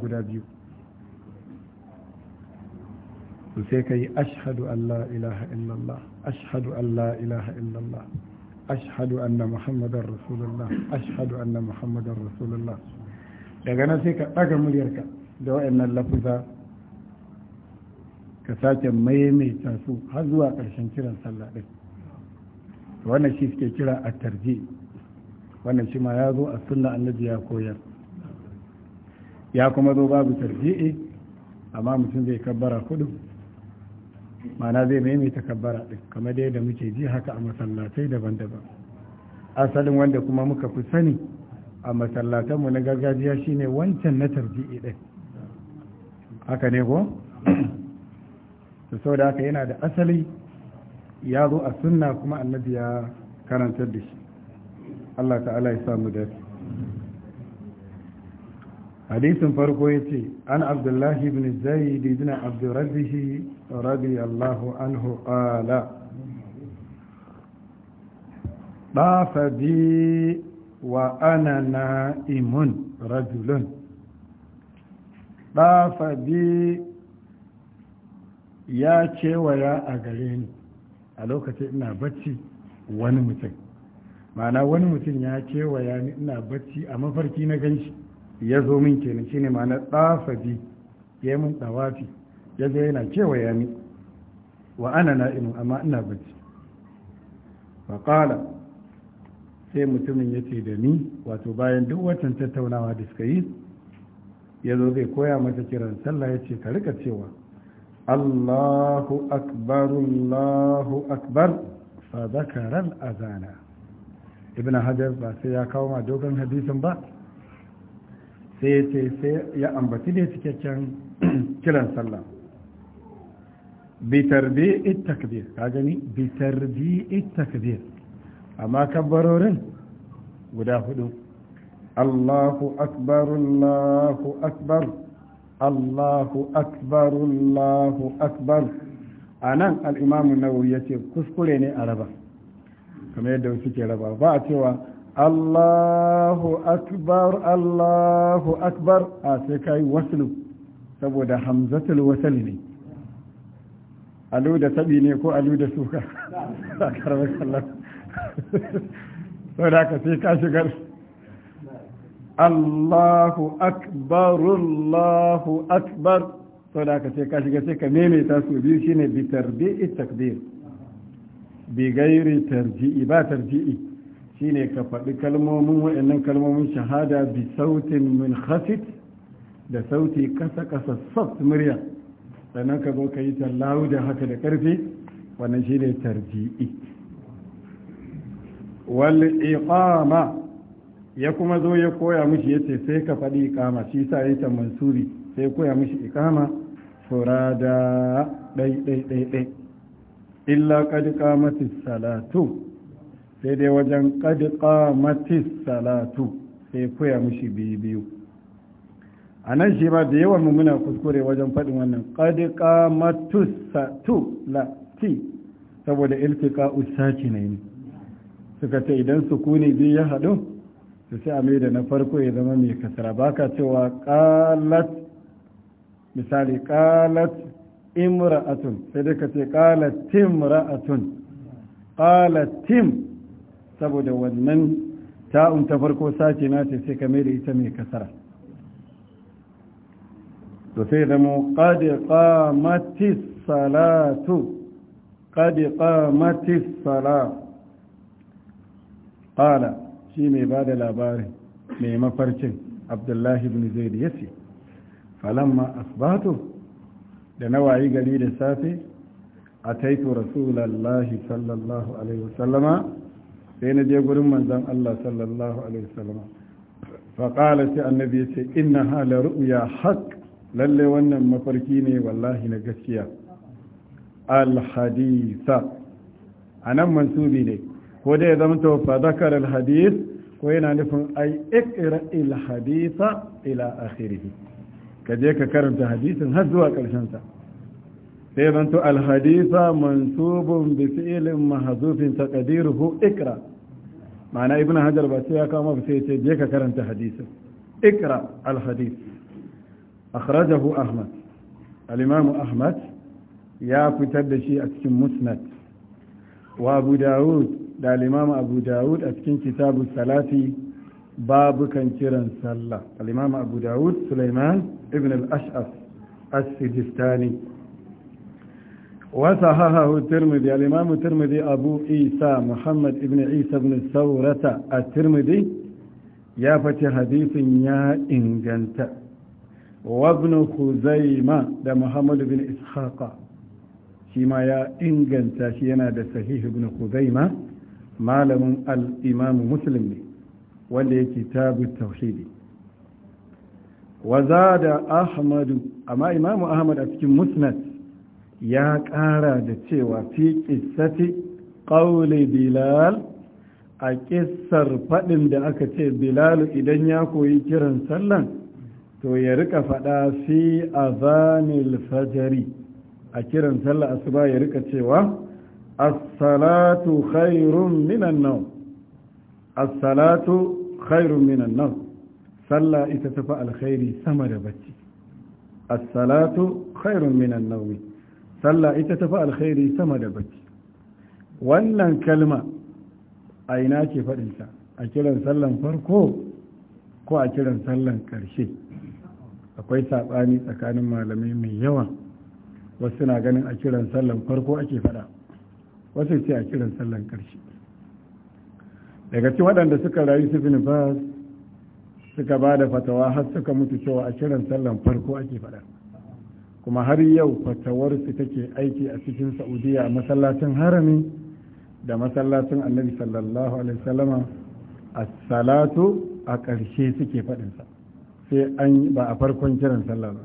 guda biyu to sai ka yi ashadu Allah ilaha illallah ashadu Allah ilaha illallah ashadu anna muhammadar rasulullah ashadu anna muhammadar rasulullah daga nan sai ka ɗaga muryarka da wa'annan lafuza ka sake maimaita su har zuwa ƙarshen kiran sallah ɗin wannan shi suke kira a tarji wannan shi ma ya zo a sunna annabi ya koyar ya kuma zo babu tarji'i amma mutum zai kabbara kudu mana zai maimaita kabbara ɗin kamar dai da muke ji haka a masallatai daban-daban asalin wanda kuma muka fi sani a masallatanmu na gargajiya shine wancan na tarji'i ɗin haka ne ko? sau da haka yana da asali ya zo a sunna kuma annabi ya karantar da shi Allah ta'ala ya samu dace hadisin farko ya ce an abdullahi bin zaid ibn abdurrabbih radiyallahu anhu qala طاف بي وأنا نائم رجل طاف بي ya kewaya a gare ni a lokacin ina bacci wani mutum ma'ana wani mutum ya kewaya ni ina bacci a mafarki na ganshi ya zo min kenan shine ma na tsafa bi ya yi min tsawafi ya zo yana cewa, ya ni wa ana inu amma ina bacci kala sai mutumin ya ce da ni wato bayan duk watan tattaunawa da suka yi ya zo zai koya mata kiran sallah ya ce ka rika cewa allahu akbar allahu akbar fa a azana ibn hajar ba sai ya kawo ma dogon hadisin ba sai ya ya ambaci da cikakken kiran sallah biyu takbir ka gani bitar bitarbi takbir amma kabbarorin guda hudu allahu akbar allahu akbar allahu akbar allahu akbar a nan al'imamun nawawi ya ce kuskure ne a raba kamar yadda suke raba ba a cewa Allahu akbar Allahu akbar a sai kai waslu saboda hamzatul wasl ne alu da tabi ne ko alu da suka a karamar kallon saboda ka sai ka shigar Allahu akbar Allahu akbar saboda ka sai ka shiga sai ka maimaita su biyu shine bi tarbi'i takbir bi gairi tarji'i ba tarji'i shine ka faɗi kalmomin waɗannan kalmomin shahada bi sautin min khasit da sauti kasa kasa soft murya sannan ka zo ka yi tallawu da haka da ƙarfi wannan shine tarji'i wal iqama ya kuma zo ya koya mishi yace sai ka faɗi iqama shi sa yayi ta mansuri sai koya mishi iqama furada dai dai dai dai illa qad qamatis salatu sai dai wajen ƙadiƙa matis salatu sai koya mushi biyu biyu a nan shi ba da yawan mummuna kuskure wajen faɗin wannan ƙadiƙa matus ti saboda iltika usaki ne ne suka ce idan sukuni biyu ya haɗu su sai a mai da na farko ya zama mai kasara ba ka cewa ƙalat misali ƙalat imra'atun sai dai ka ce ƙalat timra'atun ƙalat tim saboda wannan ta'un ta farko sace na ce sai ka mai da ita mai kasara to sai da mu qadi qamatis salatu qadi qamatis sala qala shi mai bada labarin mai mafarkin abdullahi ibn zaid yace falamma asbatu da nawayi gari da safe ataitu rasulullahi sallallahu alaihi wasallama sai na je gurin manzon Allah sallallahu alaihi wasallam fa qala sai annabi sai inna hala ru'ya haqq lalle wannan mafarki ne wallahi na gaskiya al haditha anan mansubi ne ko dai zama to fa zakar ko yana nufin ai ikra al haditha ila akhirih ka je ka karanta hadisin har zuwa karshen sa sai zanto alhadisa mansubun bi fi'ilin mahzufin taqdiruhu ikra ma'ana ibnu hajar ba sai ya kama ba sai ya ce je ka karanta hadisin ikra alhadis akhrajahu ahmad al-imam ahmad ya fitar da shi a cikin musnad wa abu da'ud da al-imam abu da'ud a cikin kitabu salati babu kan kiran sallah al-imam abu da'ud sulaiman ibn al-ash'af as-sijistani وصححه الترمذي الإمام الترمذي أبو عيسى محمد ابن عيسى بن الثورة الترمذي يا فتي حديث يا إنجنت وابن خزيمة ده محمد بن إسحاق شما يا إنجنت شينا ده صحيح بن خزيمة معلم الإمام مسلم ولي كتاب التوحيد وزاد أحمد أما إمام أحمد أتكي مسند ya ƙara da cewa fi ƙissati ƙaule bilal a ƙisar faɗin da aka ce bilal idan ya koyi kiran sallan to ya rika faɗa fi azanil fajari a kiran sallan asuba ya rika cewa as-salatu khairun minan nawm as-salatu khairun minan nawm sallah ita tafi alkhairi sama da bacci as-salatu khairun minan nawm sallah ita tafi alkhairi sama da bacci wannan kalma a ina ke faɗinta a kiran sallan farko ko a kiran sallan ƙarshe akwai saɓani tsakanin malamai mai yawa wasu na ganin a kiran sallan farko ake faɗa wasu ce a kiran sallan ƙarshe daga ci waɗanda suka rayu su finifas suka ba da fatawa har suka mutu cewa a kiran sallan farko ake faɗa kuma har yau fatawarsu take aiki a cikin saudiya a masallacin harami da masallacin annabi sallallahu alaihi wasallama a salatu a ƙarshe suke faɗinsa sai an ba a farkon kiran sallah ba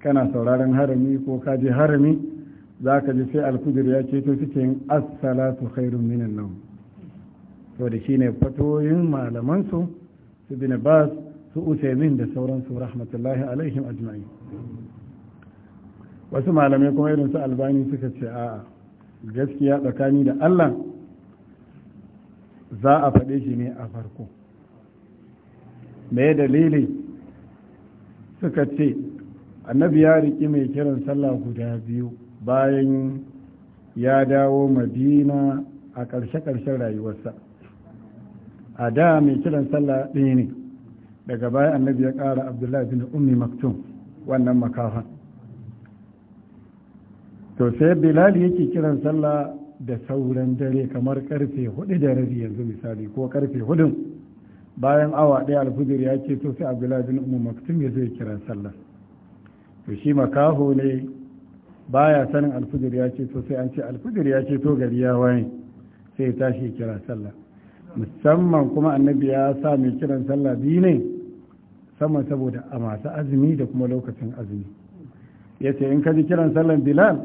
kana sauraron harami ko ka je harami za ka ji sai alfujir ya ceto suke yin as-salatu khairun minan nawm to da ne fatoyin malaman su su bin bas su usaimin da sauransu rahmatullahi alaihim ajma'in wasu malamai kuma irin su albani suka ce a gaskiya tsakani da allah za a faɗe shi ne a farko mai dalili suka ce annabi ya riki mai kiran sallah guda biyu bayan ya dawo madina a ƙarshe-ƙarshen rayuwarsa a da mai kiran sallah ɗaya ne daga baya annabi ya ƙara abdullahi bin ummi maktum wannan makafan to sai bilal yake kiran sallah da sauran dare kamar karfe hudu da rabi yanzu misali ko karfe hudu bayan awa ɗaya alfujir ya ce to sai abdullahi bin umar maktum ya zai kira sallah to shi makaho ne baya sanin alfujir ya ce to sai an ce alfujir ya ce to gari ya waye sai ya tashi kira sallah musamman kuma annabi ya sa mai kiran sallah biyu ne saman saboda a masu azumi da kuma lokacin azumi ya ce in ka ji kiran sallan bilal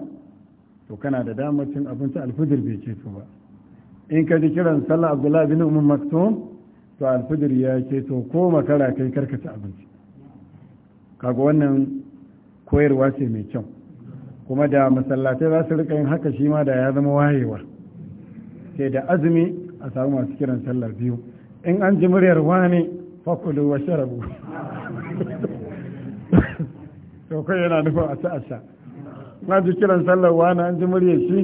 to kana da damar cin abinci alfijir bai ceto ba in ka ji kiran sallah abdullahi bin umar maktum to alfijir ya ce ko makara kai ci abinci kaga wannan koyarwa ce mai kyau kuma da masallatai za su rika yin haka shi ma da ya zama wayewa sai da azumi a samu masu kiran sallar biyu in an ji muryar wani fakulu wa sharabu to kai yana nufin a ci na ji kiran sallar wani an ji murya shi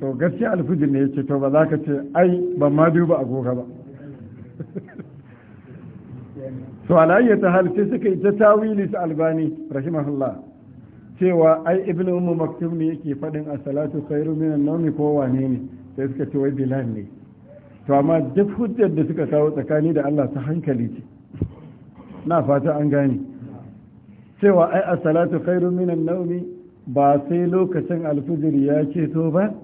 to gaskiya alfijir ne yake to ba za ka ce ai ban ma duba agoga ba to alayya ta hal sai suka yi ta tawili su albani rahimahullah cewa ai ibn ummu maktum ne yake faɗin a salatu khairu minan nawmi ko wane ne sai suka ce wai bilal ne to amma duk hujjar da suka kawo tsakani da Allah ta hankali ce na fata an gane cewa ai a salatu khairu minan nawmi ba sai lokacin alfijir ya ceto ba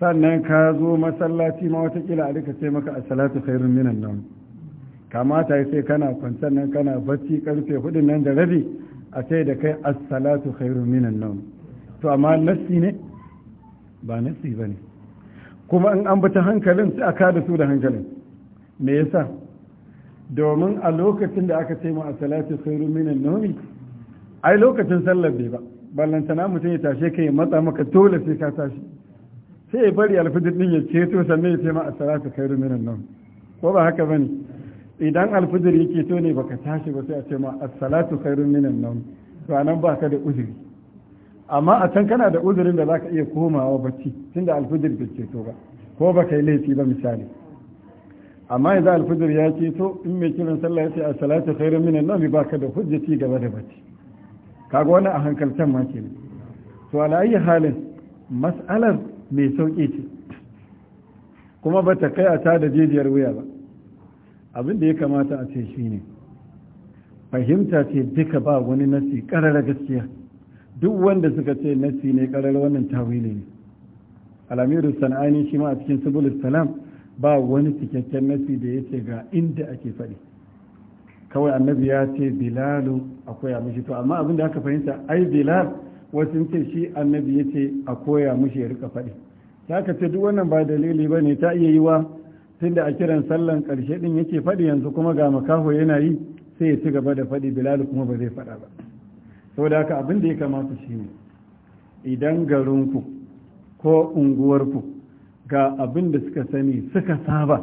sannan ka zo masallaci ma watakila a duka sai maka a salatu khairun minan nan kamata sai kana kwantar nan kana bacci karfe hudun nan da rabi a sai da kai as-salatu khairun minan nan to amma nassi ne ba nassi bane kuma in an bata hankalin sai aka da su da hankalin me yasa domin a lokacin da aka ce mu as-salatu khairun minan nawmi ai lokacin sallar bai ba ballantana mutum ya tashe ka matsa maka dole sai ka tashi sai ya bari alfijir din ya ceto sannan ya ce ma as-salatu kai minan nan ko ba haka bane idan alfijir ya ceto ne baka tashi ba sai a ce ma a salatu kai minan nan to anan ba ka da uzuri amma a can kana da uzurin da zaka iya komawa bacci tunda alfijir bai ceto ba ko ba kai laifi ba misali amma yanzu alfijir ya ceto in mai kiran sallah ya ce a salatu kai minan nan ba ka da hujjati gaba da bacci kaga wannan a hankalcen ma ke to alayi halin mas'alar mai sauƙi ce kuma ba ta kai a ta da jijiyar wuya ba abin da ya kamata a ce ne. fahimta ce duka ba wani nasi ƙarar gaskiya duk wanda suka ce nasi ne ƙarar wannan tawili ne alamiru sana'ani shi ma a cikin subul salam ba wani cikakken nasi da ya ce ga inda ake faɗi kawai annabi ya ce bilalu a koya mishi to amma abin da aka fahimta ai bilal wasu ce shi annabi ya ce a koya mishi ya rika faɗi ta aka ce duk wannan ba dalili ba ne ta iya yi wa tunda a kiran sallan ƙarshe ɗin yake faɗi yanzu kuma ga makaho yana yi sai ya ci gaba da faɗi bilalu kuma ba zai faɗa ba saboda haka abin da ya kamata shi ne idan garinku ko unguwarku ga abin da suka sani suka saba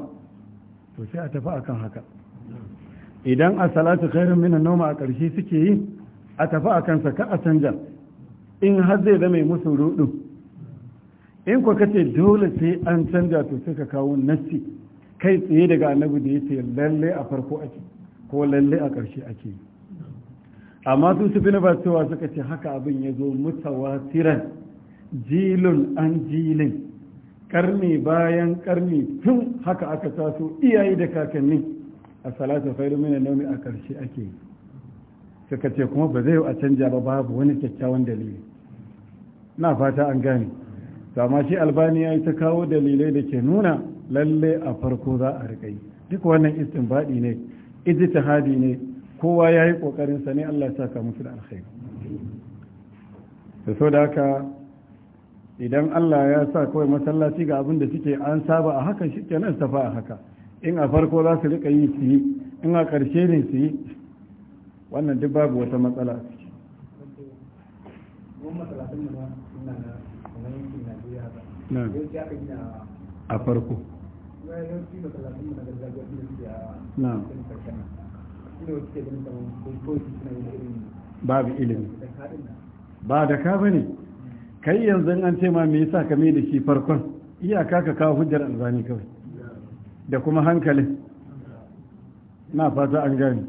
to sai a tafi akan haka idan a salatu khairun mina noma a ƙarshe suke yi a tafi a kansa ka a canja in har zai zama musu rudu in ku kace dole sai an canja to sai ka kawo nassi kai tsaye daga annabi da yace lalle a farko ake ko lalle a ƙarshe ake amma su su fina ba cewa suka ce haka abin ya zo mutawatiran jilun an jilin karni bayan karni tun haka aka taso iyaye da kakanni a salatu khairu min an-nawmi a karshe ake yi suka ce kuma ba zai a canja ba babu wani kyakkyawan dalili na fata an gane amma shi albani ya ta kawo dalilai da ke nuna lalle a farko za a rikai duk wannan istinbadi ne ijtihadi ne kowa yayi kokarin sa ne Allah ya saka musu da alkhairi da saboda haka idan Allah ya sa kawai masallaci ga abin da suke an saba a hakan shi kenan safa a haka in a farko za su rika yi su yi in a ƙarshe ne su yi wannan duk babu wata matsala a farko babu ilimi ba da ka ba ne, kai yanzu an ce ma me yasa ka mai da shi farkon iyaka ka kawo hujjar alzani kawai da kuma hankalin na fata an gani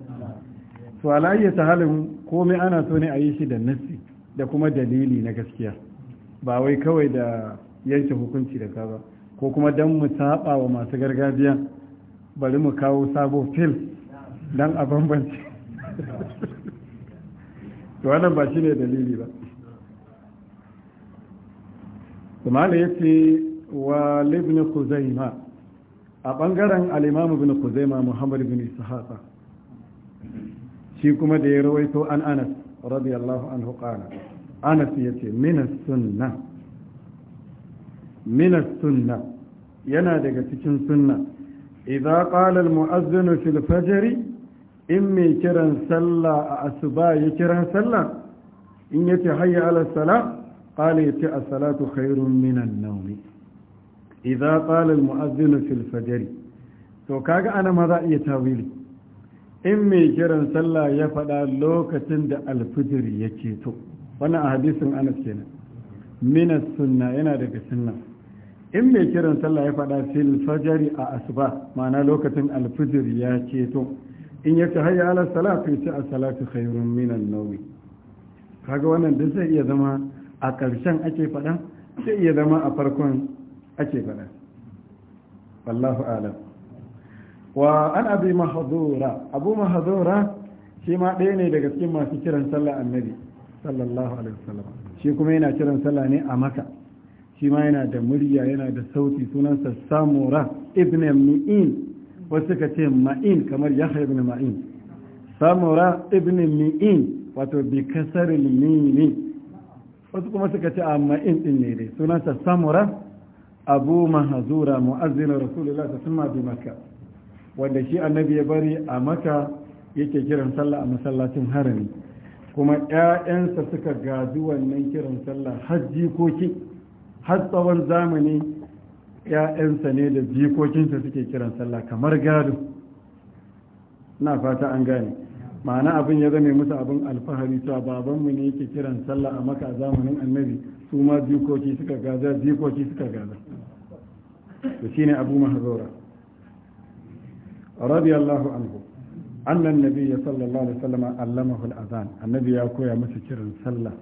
to alayya ta halin komai ana so ne a yi shi da nassi da kuma dalili na gaskiya ba wai kawai da yanke hukunci da ka ba ko kuma don mu saba wa masu gargajiya bari mu kawo sabo fil don a bambanci to wannan ba shi ne dalili ba kuma ya ce wa libni kuzaima a ɓangaren alimamu bin kuzaima muhammad bin ishaqa shi kuma da ya rawaito an anas radiyallahu anhu qala anas yace minas sunna minas sunna yana daga cikin sunna Iza qala al filfajari fil in mai kiran sallah a asuba ya kiran sallah in yace hayya ala salat qala yace as-salatu khairun minan nawmi idza qala almu'adhdhin fil fajr to kaga ana ma za iya tawili in mai kiran sallah ya faɗa lokacin da alfijir ya ceto wannan a hadisin anas kenan minas sunna yana daga sunna in mai kiran sallah ya faɗa fil a asuba ma'ana lokacin alfijir ya ceto in ya ce hayya ala salatu ya ce a salatu khairun minan nauyi? kaga wannan duk zai iya zama a ƙarshen ake faɗa zai iya zama a farkon ake faɗa wallahu alam wa an abi mahadura abu mahadura shi ma ɗaya ne daga cikin masu kiran sallah annabi sallallahu alaihi wasallam shi kuma yana kiran sallah ne a maka shi ma yana da murya yana da sauti sunansa samura ibn mi'in wasu suka ce ma'in kamar yahya ibn ma'in samura ibn mi'in wato bi kasar mini wasu kuma suka ce a ma'in din ne dai sunansa samura abu mahazura mu'azzinin rasulullah ta suna bi maka wanda shi annabi ya bari a maka yake kiran sallah a masallacin harami kuma 'ya'yansa suka gaji wannan kiran sallah har jikoki har tsawon zamani 'ya'yansa ne da jikokinsa suke kiran sallah kamar gado na fata an gane ma'ana abin ya zame musu abin alfahari cewa babanmu ne yake kiran sallah a maka zamanin annabi su ma jikoki suka gaza jikoki suka gaza shi ne abu mahazora radiyallahu anhu annan nabi ya sallallahu alaihi wasallam allamahu al annabi ya koya masa kiran sallah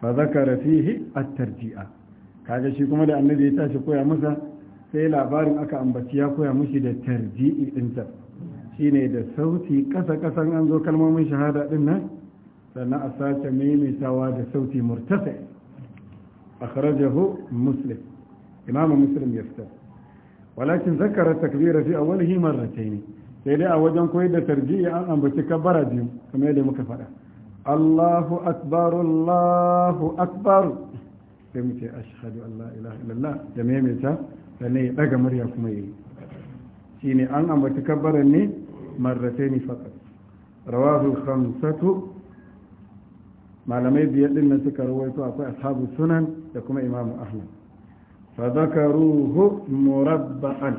fa zakara fihi at-tarji'a kaga shi kuma da annabi ya tashi koya masa sai labarin aka ambaci ya koya mushi da tarji'i ta shine da sauti kasa kasan an zo kalmomin shahada din nan sannan a sace maimaitawa da sauti murtasa akhrajahu muslim imamu muslim ya fitar walakin zakara takbira fi awwalihi marratayn sai dai a wajen koyar da tarji'i an ambaci kabbara biyu kamar yadda muka faɗa Allahu akbar Allahu akbar sai muke ce ashhadu an la ilaha illallah da maimaita sannan ya daga murya kuma yayi shine an ambaci kabbaran ne marratayn faqat rawahu khamsatu malamai biyar din nan suka rawaito akwai ashabu sunan da kuma imamu ahmad fa zakaruhu murabba'an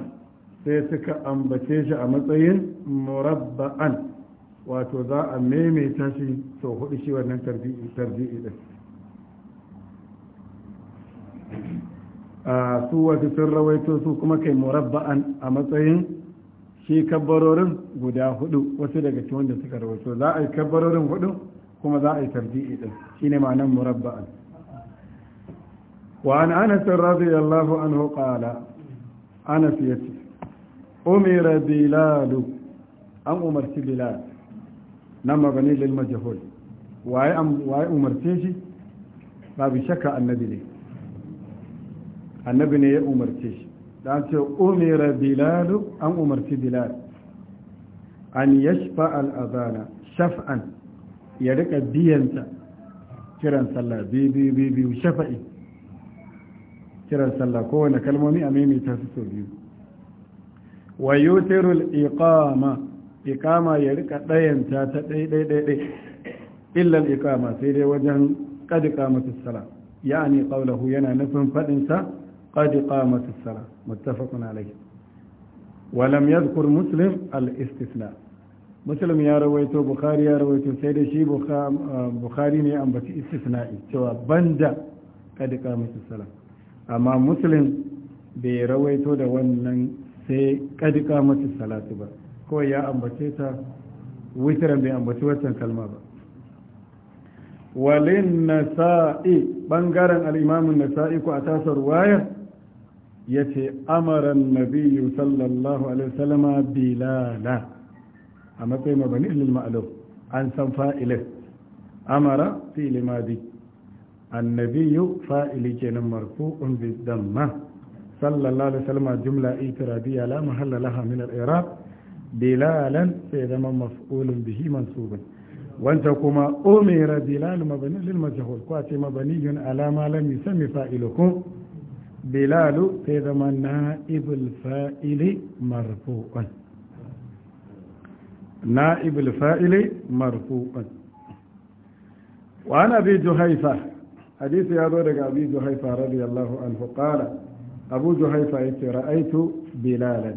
sai suka ambace shi a matsayin murabba'an wato za a maimaita shi sau hudu shi wannan tarbi'i din su wasu sun rawaito su kuma kai murabba'an a matsayin shi kabbarorin guda huɗu wasu daga cikin da suka rawaito za a yi kabbarorin huɗu kuma za a yi tarbi'i din shine ma'anar murabba'an وعن أنس رضي الله عنه قال أنس يتي أمر بلال أم أمرت بلال نما بني للمجهول واي أم واي أمرتيشي ما بشك النبي لي النبي ني أمرتيشي لأن أمر بلال أم أمرت بلال أن يشفع الأذان شفعا يرك بينتا كرا صلى بي بي بي بي شفعي kiran sallah kowane kalmomi a maimaita su sau biyu wa yutirul iqama iqama ya rika dayanta ta dai dai dai dai illa al iqama sai dai wajen qad qamat as salah yani qawluhu yana nufin fadin sa qad qamat as salah muttafaqun alayhi wa lam yadhkur muslim al istithna muslim ya rawaito bukhari ya rawaito sai dai shi bukhari ne ambaci istithna'i cewa banda qad qamatus salah amma musulun bai rawaito da wannan sai kadika mata salatu ba kawai ya ambace ta witiran bai ambaci wancan kalma ba walin nasa'i bangaren al'imamin nasa'i ko a tasar wayar ya ce amaran nabiyu sallallahu alaihi wasallama bilala a matsayin mabani ililma'alau an san fa'ilin amara fi limadi annabiyu fa'ili kenan marfu'un bi damma sallallahu alaihi wasallam jumla itiradiyya la mahalla laha min al-i'rab bilalan sai zama maf'ulun bihi mansubun wanta kuma umira bilal mabani lil majhul ko ce mabaniyun ala ma lam yusammi fa'iluhu bilalu sai zama na'ibul fa'ili marfu'un na'ibul fa'ili marfu'un وعن bi جهيفه hadisi ya zo daga abu juhaifa radiyallahu anhu kala abu juhaifa yace ra'aitu bilalan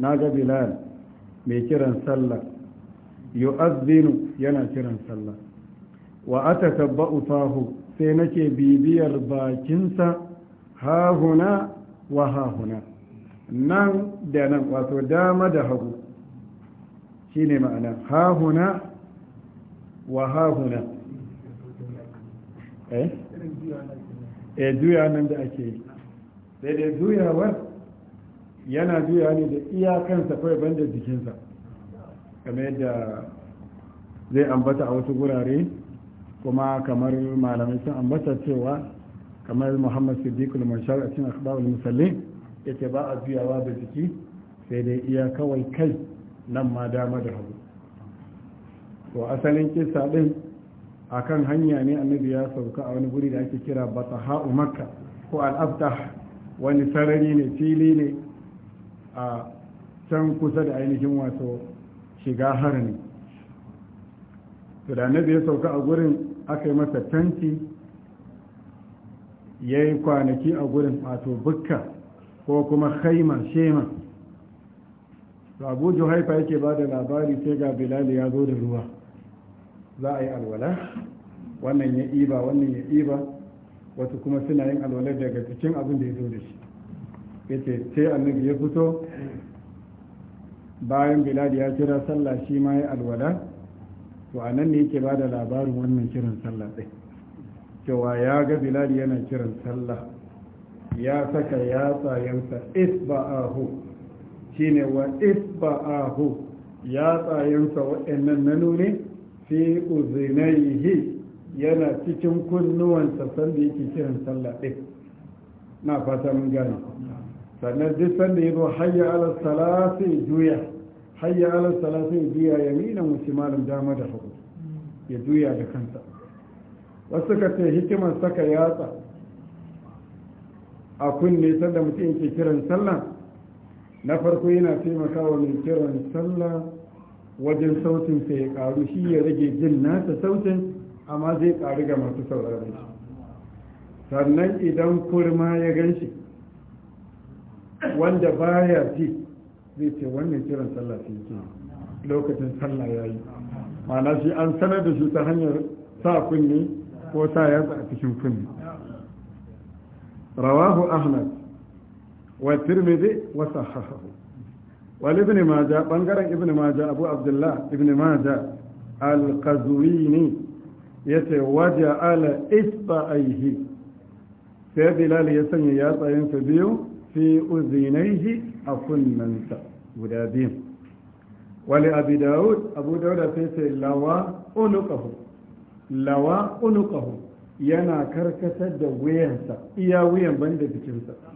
naga bilal mai kiran sallah yu'adhdhinu yana kiran sallah wa tabba ufahu, sai nake bibiyar bakinsa hahuna wa hahuna nan da nan wato dama da hagu shine ma'ana hahuna wa hahuna eh eh juya nan da ake yi daidai juyawar yana juya ne da iyakansa kawai banda jikinsa kamar yadda zai ambata a wasu gurare kuma kamar malamai sun ambata cewa kamar muhammad siddiqul mashar a cikin akhbarul musallin yace ba a juyawa da jiki sai dai iya kawai kai nan ma dama da hagu to asalin kisa din a kan hanya ne annabi ya sauka a wani guri da ake kira bataha'u makka ko alafta wani sarari ne fili ne a can kusa da ainihin wato shiga harin. to da annabi ya sauka a gurin aka yi masa tanti ya yi kwanaki a gurin wato bukka ko kuma haima shema abu juhaifa yake ba da labari sai ga bilali ya zo da ruwa za a yi alwala wannan ya iba wannan ya iba wasu kuma suna yin alwala daga cikin abin da ya zo da shi ya ce ce annabi ya fito bayan Bilad ya kira sallah shi ma ya alwala to a nan ne yake ba da labarin wannan kiran sallah ɗin cewa ya ga Bilad yana kiran sallah ya saka yatsayensa isba'ahu ne wa isba'ahu yatsayensa waɗannan nanu ne fi uzinaihi yana cikin kunnuwansa sanda yake kiran sallah ɗin na fata mun gani sannan duk sanda ya zo hayya ala sala juya hayya ala sala juya juya yamina mushimalin dama da hagu ya juya da kansa wasu ka ce hikimar saka yatsa a kunne sanda mutum yake kiran sallah na farko yana taimakawa mai kiran sallah wajen sautin sa ya karu shi ya rage jin nasa sautin amma zai karu ga masu sauraron sannan idan kurma ya gan shi wanda baya ji zai ce wannan kiran sallah sai ke lokacin sallah ya yi ma'ana shi an sanar da shi ta hanyar sa kunni ko sa yatsa a cikin kunni rawahu ahmad wa tirmidhi wa sahahahu wal ibn maja bangaren ibn maja abu abdullah ibn maja al-qazwini yace waja ala isba'ihi sai bilal ya sanya sa biyu fi uzinaihi a kunnansa guda biyu wali abi daud abu dauda sai sai lawa unuqahu lawa unuqahu yana karkatar da wuyansa iya wuyan banda sa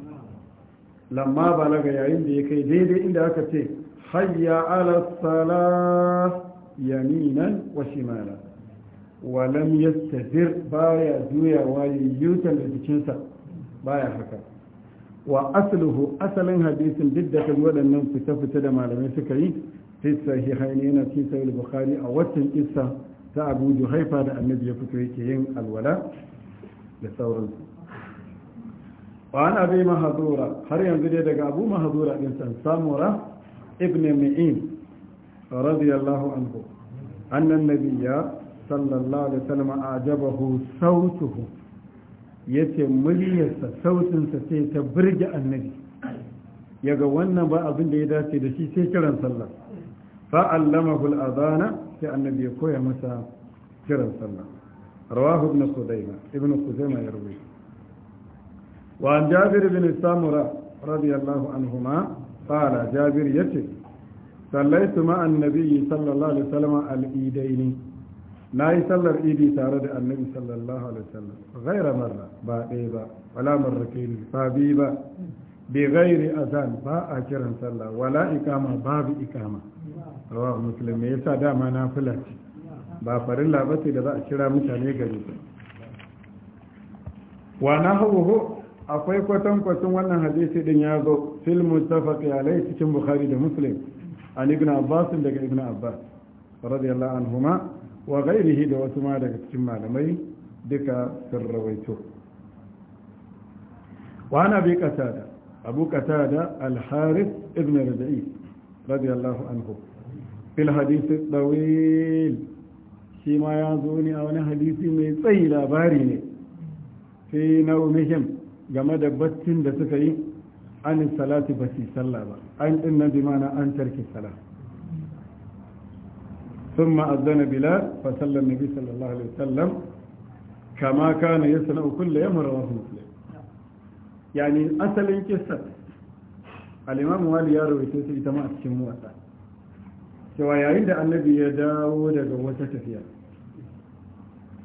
lamma balaga yayin da ya kai daidai inda aka ce hayya ala sala yaminan wa shimala wa lam yastazir baya juyawa yutan da jikinsa baya haka wa asluhu asalin hadisin duk da kan waɗannan fita-fita da malamai suka yi fi sahihaini yana cikin sahih bukhari a watan isa ta abu juhaifa da annabi ya fito yake yin alwala da sauransu وعن أبي مهدورة har yanzu يدك daga abu إنسان سامورة Ibn معين رضي الله عنه أن النبي صلى الله عليه وسلم sautuhu. Ya ce muryarsa sautinsa sai ta birge annabi yaga wannan ba abin da ya dace da shi sai kiran sallah fa'allamahu hul'azana, sai annabi ya koya masa kiran sallah rawahu ibn kuzaima ibn kuzaima ya rubuta وعن جابر بن سامرة رضي الله عنهما قال جابر يتي صليت مع النبي صلى الله عليه وسلم الإيدين na yi sallar idi tare da annabi sallallahu alaihi wasallam gaira marra ba ɗaya ba wala marra kaini ba ba bi gairi azan ba a kiran sallah wala ikama babu ikama rawa muslim me yasa dama na fula ba farilla ba da za a kira mutane gari wa na hawo akwai kwatankwacin wannan hadisi din ya zo fil mustafaqi alai cikin bukhari da muslim an ibn abbas daga ibn abbas radiyallahu anhuma wa ghairihi da wasu ma daga cikin malamai duka sun rawaito wa ana bi qatada abu qatada al harith ibn rabi'i radiyallahu anhu fil hadith dawil shi ma ya zo ne a wani hadisi mai tsayi labari ne fi naumihim game da baccin da suka yi an salati ba su sallah ba an ɗin na bi mana an tarki sala sun sallah ثم أذن بلال فصلى النبي صلى الله عليه وسلم كما كان يصنع كل يوم رواه asalin يعني alimamu wali ya والي su ita ma a cikin موسى cewa yayin da annabi ya dawo daga wata tafiya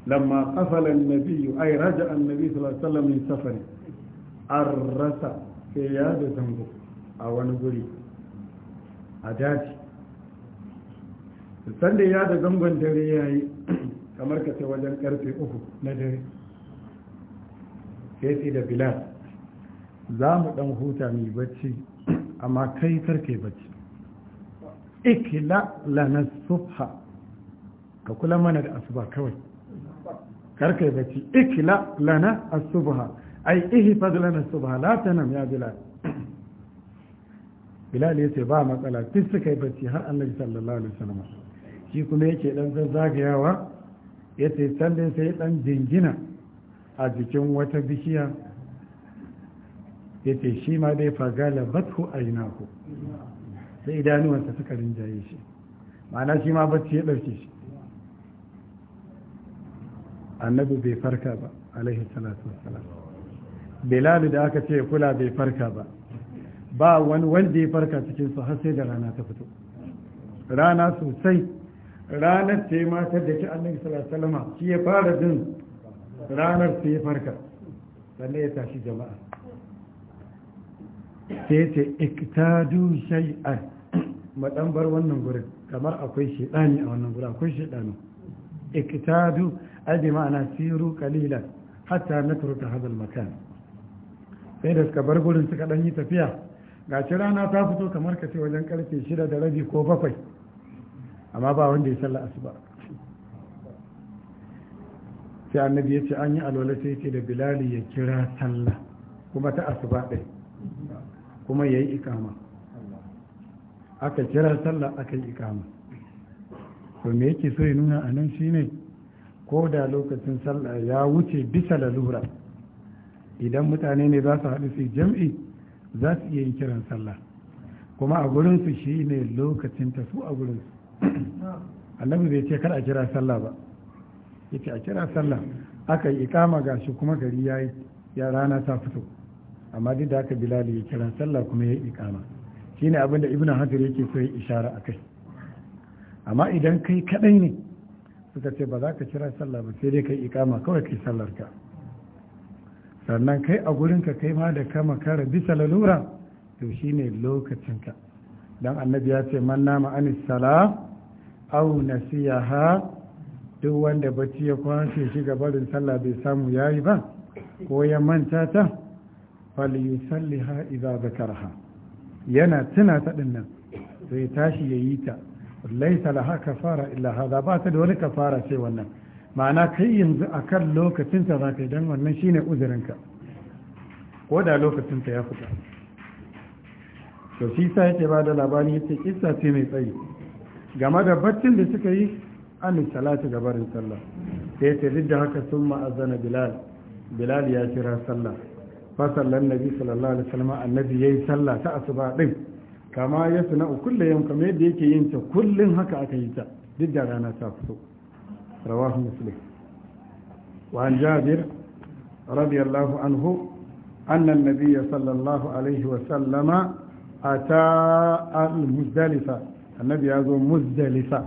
لما قفل النبي أي رجع النبي صلى الله عليه وسلم من سفره an rasa sai ya da zango a wani guri a daji sanda ya da zangon dare ya yi kamar ka ce wajen karfe uku na dare sai da bilal za mu dan huta mai bacci amma kai karfe bacci ikila lana subha ka kula mana da asuba kawai karfe bacci ikila lana asubha ai ihi lana subha la tanam ya bilal bilal yace ba matsala tun suka yi bacci har annabi sallallahu alaihi wasallam shi kuma yake dan zagayawa yace sallin sai dan jingina a jikin wata bishiya yace shi ma dai fagala batu ainahu sai idanuwansa suka rinjaye shi ma'ana shi ma bacci ya ɗauke shi annabi bai farka ba alaihi salatu wassalam bilal da aka ce kula bai farka ba ba wani wanda ya farka cikinsu har sai da rana ta fito rana sosai ranar ta yi matar da ki annabi wasallam shi ya fara jin ranar ta yi farka sannan ya tashi jama'a sai ce iktadu shay'an madan bar wannan gurin kamar akwai shedani a wannan gurin akwai shedani iktadu ai bi ma'ana siru qalilan hatta natruka hadal makan sai da suka bar gurin suka ɗan yi tafiya ga ci rana ta fito kamar ka ce wajen karfe shida da rabi ko bakwai amma ba wanda ya sallah asuba sai annabi ya ce an yi alwala sai ce da bilali ya kira sallah kuma ta asuba ɗai kuma ya yi ikama aka kira sallah aka yi ikama to me yake so ya nuna a nan shine ko da lokacin sallah ya wuce bisa lalura idan mutane ne za su haɗu su jam'i za su iya yin kiran sallah kuma a gurinsu shi ne lokacin ta su a gurinsu annabi zai ce kar a kira sallah ba ya a kira sallah aka yi ikama ga shi kuma gari ya yi ya rana ta fito amma duk da aka bilali ya kiran sallah kuma ya yi ikama shi ne abinda ibn hajar yake so ya ishara a kai amma idan kai kaɗai ne suka ce ba za ka kira sallah ba sai dai kai ikama kawai kai sallar ka sannan kai a gurinka kai ma da kama kara bisa lalura to shine lokacinka Don annabi ya ce man nama anis sala siya ha? duk wanda bacci ya kwashe shi ga barin sallah bai samu yayi ba ko ya manta ta falyusalliha idza zakarha yana tuna ta nan to ya tashi yayi ta laysa laha fara illa hada ba ta da wani kafara sai wannan ma'ana kai yanzu a kan lokacinta za ka yi don wannan shi ne uzurinka ko da lokacinta ya fita to shi sa yake ba da labari yake kisa ce mai tsayi game da baccin da suka yi an salatu ga barin sallah sai yace duk da haka sun ma'azana bilal bilal ya kira sallah fa nabi sallallahu alaihi wasallam annabi yayi sallah ta asuba din kama ya suna kullu yawm kamar yadda yake yin ta kullun haka aka yi ta duk da rana ta fito رواه مسلم وعن جابر رضي الله عنه أن النبي صلى الله عليه وسلم أتى المزدلفة النبي هذا مزدلفة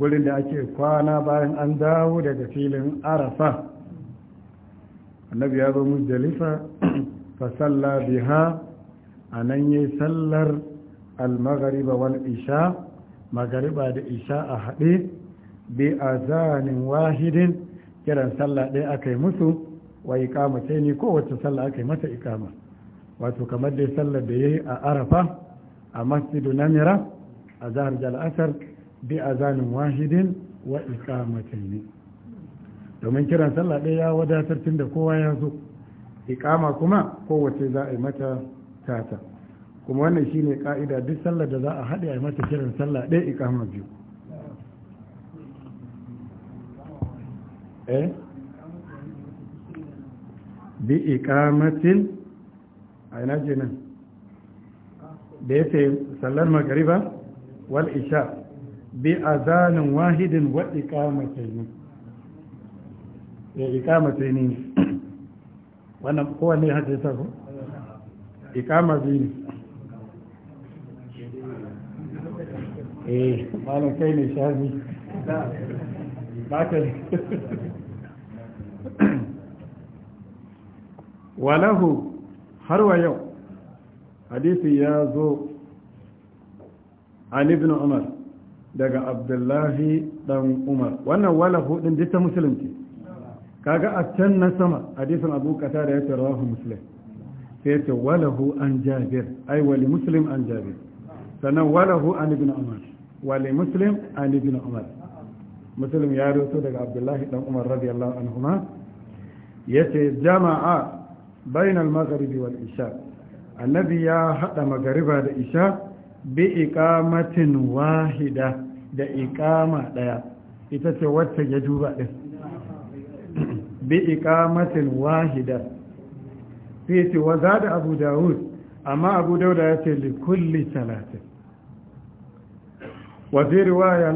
gurin da ake kwana bayan an dawo daga filin arafa annabi ya zo muzdalifa fa salla biha a nan yi sallar almagariba wal isha magariba da isha a haɗe bi azanin wahidin kiran sallah ɗaya aka yi musu wa ikama sai ni kowace sallah aka yi mata ikama wato kamar dai sallar da ya yi a arafa a masjidu namira a zahar jal'asar bi azanin wahidin wa domin kiran sallah ɗaya ya wadatar tun da kowa ya zo ikama kuma kowace za a yi mata tata kuma wannan shine ka'ida duk sallar da za a haɗe a yi mata kiran sallah ɗaya ikama biyu eh bi ikamatin a ina ce nan da ya sallar magariba wal isha bi azanin wahidin wa ikamatin ya eh, ikamatin ne wannan kowanne ya ta sako ikama biyu ne eh malam kai ne shafi ba ka walahu har wa yau hadisi ya zo an ibn umar daga abdullahi dan umar wannan walahu din dita musulunci kaga a can na sama hadisin abu kata da ya ce rahu muslim sai ce walahu an jabir ai wali muslim an jabir sannan walahu an ibn umar wali muslim an ibn umar muslim ya rinsu daga abdullahi dan umar radiyallahu anhuma yace jama'a bainal magaribi wal isha annabi ya hada magariba da isha bi iqamatin wahida da iqama daya ita ce wacce ya juba din bi wahida sai ce wa zada abu daud amma abu dauda yace li kulli salatin wa fi riwaya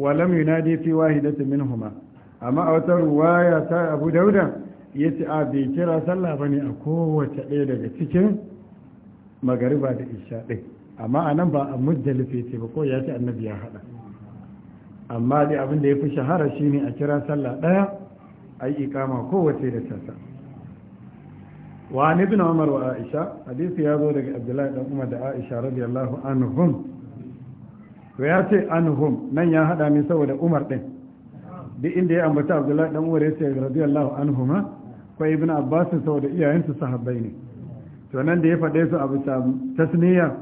walam yunadi fi wahidatin minhuma amma a wata ruwaya ta abu dauda ya ce a bai kira sallah ba ne a kowace ɗaya daga cikin magariba da isha amma a nan ba a muddalife ce ba ko ya ce annabi ya haɗa amma dai abin da ya fi shahara shine a kira sallah ɗaya a yi ikama kowace da sassa wa bin umar wa aisha hadisi ya zo daga abdullahi dan umar da aisha radiyallahu anhum to ya ce anhum nan ya hada min saboda umar din duk inda ya ambata abdullahi dan umar ya ce radiyallahu anhuma ko ibn abbas saboda iyayensu sahabbai ne to nan da ya fade su abu tasniya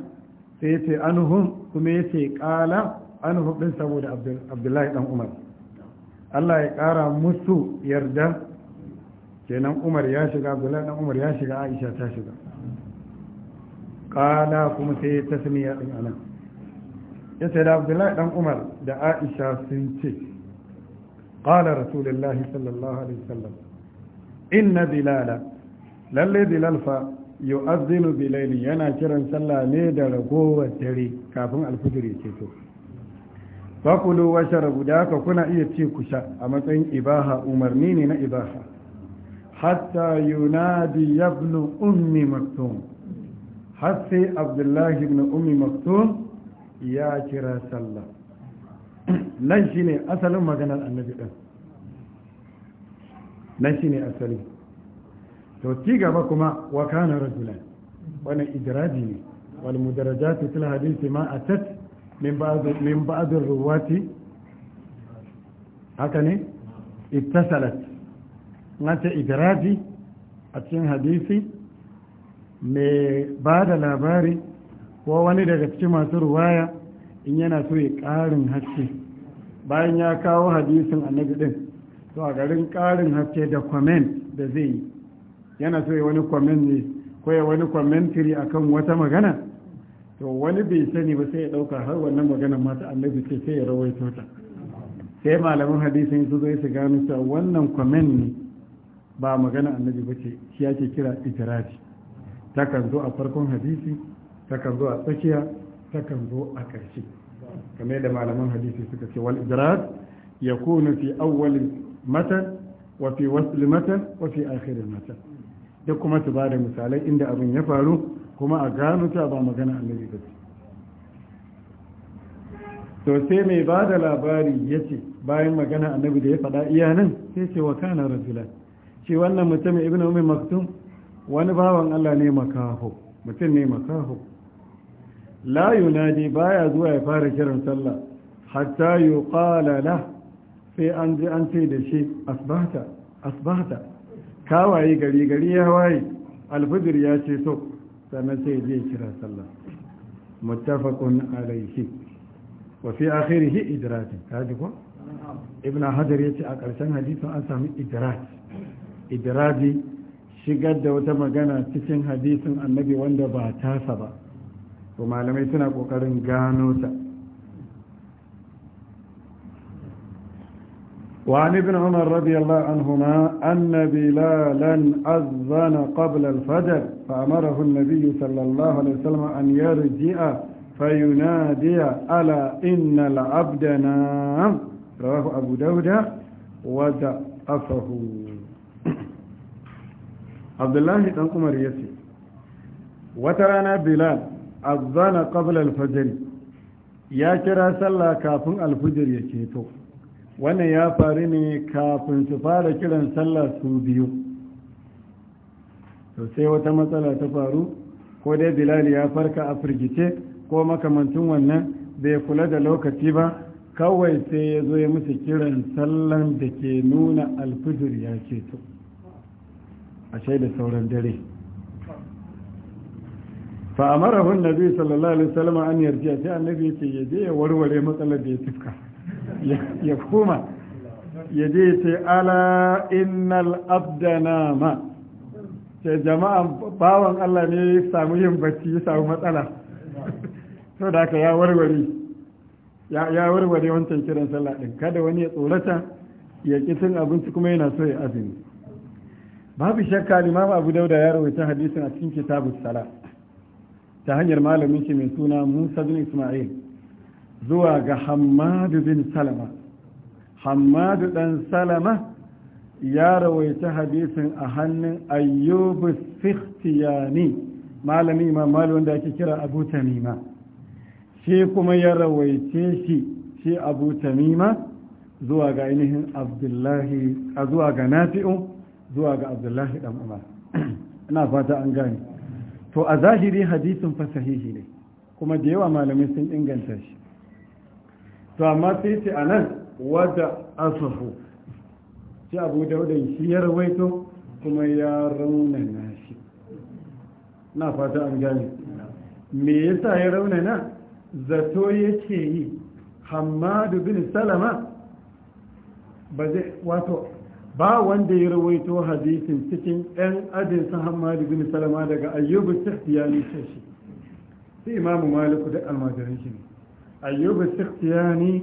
sai ya ce anhum kuma ya ce qala anhum din saboda abdullahi dan umar Allah ya ƙara musu yarda kenan umar ya shiga abdullahi dan umar ya shiga aisha ta shiga ƙala kuma sai tasniya din anan ya ce da abdullahi dan umar da aisha sun ce Qala rasulullahi sallallahu alaihi wasallam inna bilala lalle bilal fa yu'azzinu bilaili yana kiran sallah ne da ragowar dare kafin alfijir ya ceto fakulu wa sharabu da haka kuna iya ci ku sha a matsayin ibaha umarni ne na ibaha hatta yunadi ibn ummi maktum har sai abdullahi ibn ummi maktum ya kira sallah nan shi ne asalin maganar annabi ɗin nan shi ne asali to ci gaba kuma wa kana rajula wannan idraji ne wal mudarajati fil hadisi ma atat min ba'd min ba'd ruwati haka ne ittasalat nata idraji a cikin hadisi mai ba da labari ko wani daga cikin masu ruwaya in yana so ya ƙarin haske bayan ya kawo hadisin annabi ɗin to a garin ƙarin haske da comment da zai yi yana so ya wani comment ne ko ya wani commentary akan wata magana to wani bai sani ba sai ya ɗauka har wannan magana mata annabi ce sai ya rawaito ta sai malamin hadisin su zai su gano cewa wannan comment ne ba magana annabi ba ce shi ake kira itirafi kan zo a farkon hadisi takan zo a tsakiya takan zo a ƙarshe kamar yadda malaman hadisi suka ce wal idrak yakunu fi awwalil matan wa fi wasl matan wa fi akhiril matan da kuma su ba da misalai inda abin ya faru kuma a gano ta ba magana annabi ba ce to sai mai ba da labari ya ce bayan magana annabi da ya faɗa iya nan sai ce wa kana rajula shi wannan mutum ibn umar maktum wani bawan Allah ne makaho mutum ne makaho la yunadi baya zuwa ya fara kiran sallah hatta yuqala la sai an ji an ce da shi asbahta asbahta kawaye gari gari ya waye alfijir ya ce so sannan sai zai kira sallah muttafaqun alayhi wa fi akhirih idrat kaji ko ibn hajar yace a ƙarshen hadisin an sami idrat idraji shigar da wata magana cikin hadisin annabi wanda ba tasa ba to malamai suna kokarin gano ta وعن ابن عمر رضي الله عنهما أن بلالا أذن قبل الفجر فأمره النبي صلى الله عليه وسلم أن يرجع فينادي ألا إن العبد نام رواه أبو داود ودأفه عبد الله بن عمر يسي وترانا بلال azana qabla al-fajr ya kira sallah kafin al-fajr ya keto wannan ya faru ne kafin su fara kiran sallah su biyu to sai wata matsala ta faru ko dai bilal ya farka a firgice ko makamancin wannan bai kula da lokaci ba kawai sai ya zo ya musu kiran sallan da ke nuna alfijir ya keto ashe da sauran dare fa amarahu annabi sallallahu alaihi wasallam an yarji sai annabi yace ya je ya warware matsalar da ya tifka ya koma ya je ya ce ala innal abda ma ce jama'a bawan Allah ne ya samu yin bacci ya samu matsala sau da ka ya warware ya warware wancan kiran sallah din kada wani ya tsorata ya ki cin abinci kuma yana so ya azumi babu shakka limam abu dauda ya rawaita hadisin a cikin kitabus sala ta hanyar malamin shi mai suna musa bin ismail zuwa ga hamadu bin salama hamadu dan salama ya rawaita hadisin a hannun Ayyub sikhtiyani malami imam malu wanda ake kira abu tamima shi kuma ya rawaice shi shi abu tamima zuwa ga ainihin abdullahi zuwa ga nafi'u zuwa ga abdullahi dan umar ina fata an gane to a zahiri hadisin fa sahihi ne kuma da yawa malamai sun inganta shi to amma sai ce a nan wadda asahu shi abu daudan shi ya rawaito kuma ya raunana shi na fata an gane me yasa ya raunana zato yake yi hamadu bin salama ba zai wato ba wanda ya rawaito hadisin cikin ɗan ajin sahan malik bin salama daga ayyubu sikhtiyani ce shi sai imamu maliku da almajirin shi ne ayyubu sikhtiyani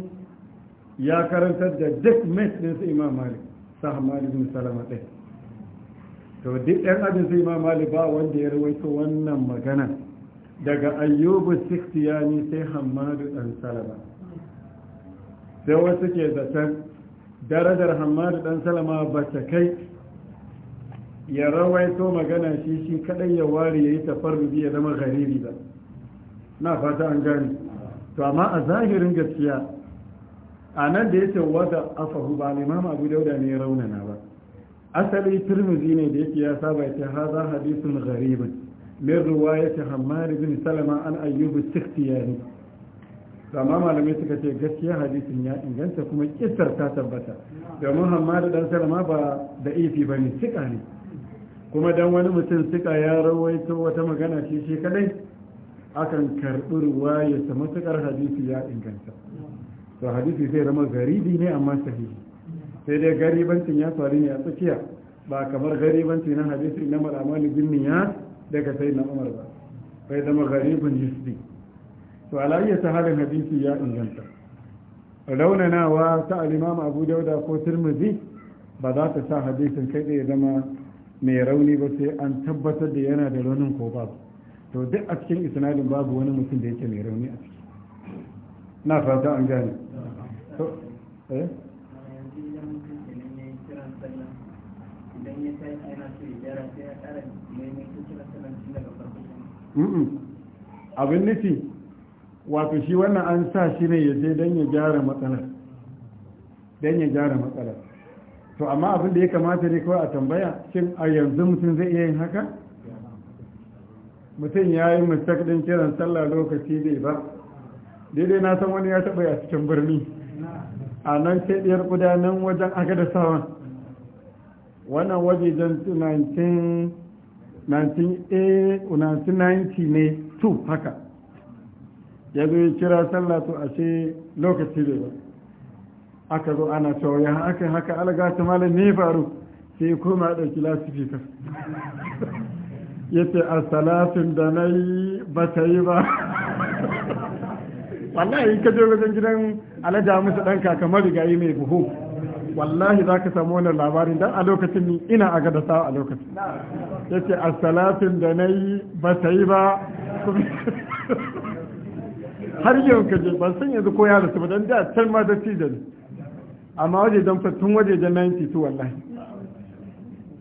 ya karantar da duk mai su imam malik sahan malik bin salama ɗai to duk ɗan ajin su imam malik ba wanda ya rawaito wannan magana daga ayyubu sikhtiyani sai hamadu ɗan salama sai wasu ke zaton darajar hamadu dan salama ba ta kai ya rawaito magana shi shi kadai ya ware ya yi tafarrubi ya zama gariri ba na fata an gani to amma a zahirin gaskiya a nan da ya ce wada afahu ba limam abu dauda ne ya raunana ba asali tirmizi ne da yake ya saba ya ce haza hadisun gariban min ce hamadu bin salama an ayyubu sikhtiyani to amma malamai suka ce gaskiya hadisin ya inganta kuma kisar ta tabbata domin da dan salama ba da ifi ba ne sika ne kuma dan wani mutum sika ya rawaito wata magana shi shi kadai akan karɓi ruwa ya samu sukar hadisi ya inganta to hadisi zai zama garibi ne amma sahihi sai dai garibancin ya faru ne a tsakiya ba kamar garibanci na hadisi na malamali binniya? daga sai na umar ba bai zama garibin yusdi to alayya ta halin hadisi ya inganta raunanawa ta alimama abu dauda ko turmuzi ba za ta sa hadisin kai ya zama mai rauni ba sai an tabbatar da yana da raunin ko babu to duk a cikin isnadin babu wani mutum da yake mai rauni a ciki na fata an gane to eh abin nufi wato shi wannan an sa shi ne ya je don ya gyara matsalar don ya gyara matsalar to amma abin da ya kamata ne kawai a tambaya shin a yanzu mutum zai iya yin haka mutum ya yi din kiran sallah lokaci zai ba daidai na san wani ya taɓa a cikin birni a nan ce ɗiyar gudanar wajen aka da sawan wannan waje wajejen 1990 eh, ne 2 haka ya zo kira sallah to ce lokaci ne ba aka zo ana cewa ya haka haka alaga ta malam ne faru sai ya koma ya ɗauki lasifika ya ce a salatin da na yi ba ta yi ba wallahi ka je wajen gidan alaja musu ɗan kaka yi mai buhu wallahi za ka samu wannan labarin dan a lokacin ni ina a gada sa a lokacin ya ce a salatin da na yi ba ta yi ba har yau ka je ban san yanzu ko ya rasu ba dan da can ma da tijan amma waje dan tun waje da 92 wallahi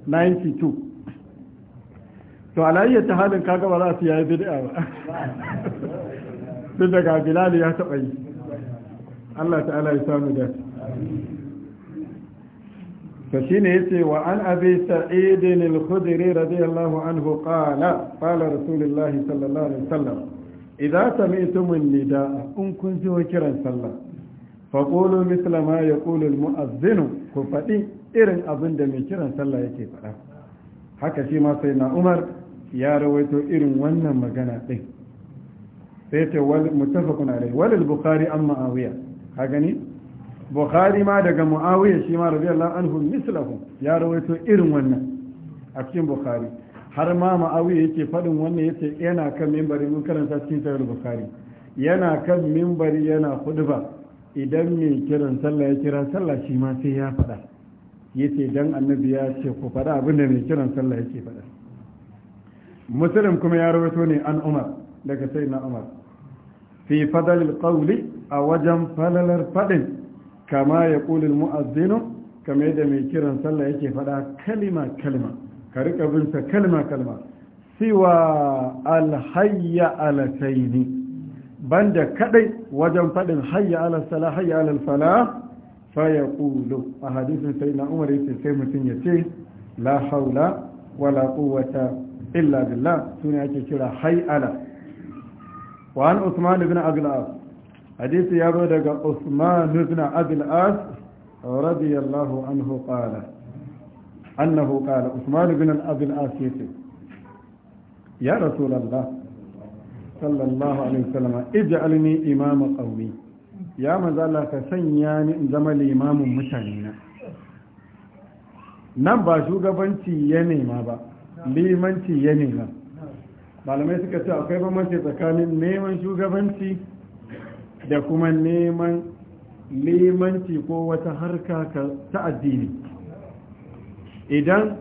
92 to alayya ta halin kaga ba za su yayi bid'a ba duk daga bilal ya taba yi Allah ta'ala ya samu da to shine yace wa an abi sa'id al-khudri radiyallahu anhu qala qala rasulullahi sallallahu alaihi wasallam idza sami'tumun nidaa in kun ji kiran sallah fa qulu mithla ma yaqulu al ku faɗi irin abin da mai kiran sallah yake faɗa haka shi ma sai na Umar ya rawaito irin wannan magana din sai ta wal muttafaqun alayhi wal bukhari an muawiya ka gani bukhari ma daga muawiya shi ma radiyallahu anhu ya rawaito irin wannan a cikin bukhari har ma ya yake faɗin wannan yace yana kan mimbari mun karanta cikin sahih bukhari yana kan mimbari yana ba idan mai kiran sallah ya kira sallah shi ma sai ya faɗa yace dan annabi ya ce ku faɗa abin da mai kiran sallah yake faɗa muslim kuma ya rawaito ne an umar daga sai na umar fi fadalil qawli a wajen falalar faɗin kama ya ƙulil mu'azzinu kamar yadda mai kiran sallah yake faɗa kalima kalima ka rika bin sa kalma kalma siwa alhayya alasaini. banda kadai wajen fadin hayya ala hayya ala fa fa yaqulu a hadisin sai na umar yace sai mutun yace la haula wala quwwata illa billah sune ake kira hayya wa an usman ibn abdul as hadisi ya zo daga usman ibn abdul as radiyallahu anhu qala annahu قال usman bin al الآسية يا رسول الله صلى الله عليه وسلم اجعلني ij'alni imama يا ya mazala زمل sanya ni in zama limamin mutane nan ba shugabanci ya nema ba limanci ya nema malamai suka ce akwai bambanci tsakanin neman shugabanci da kuma neman limanci ko wata harka ta addini idan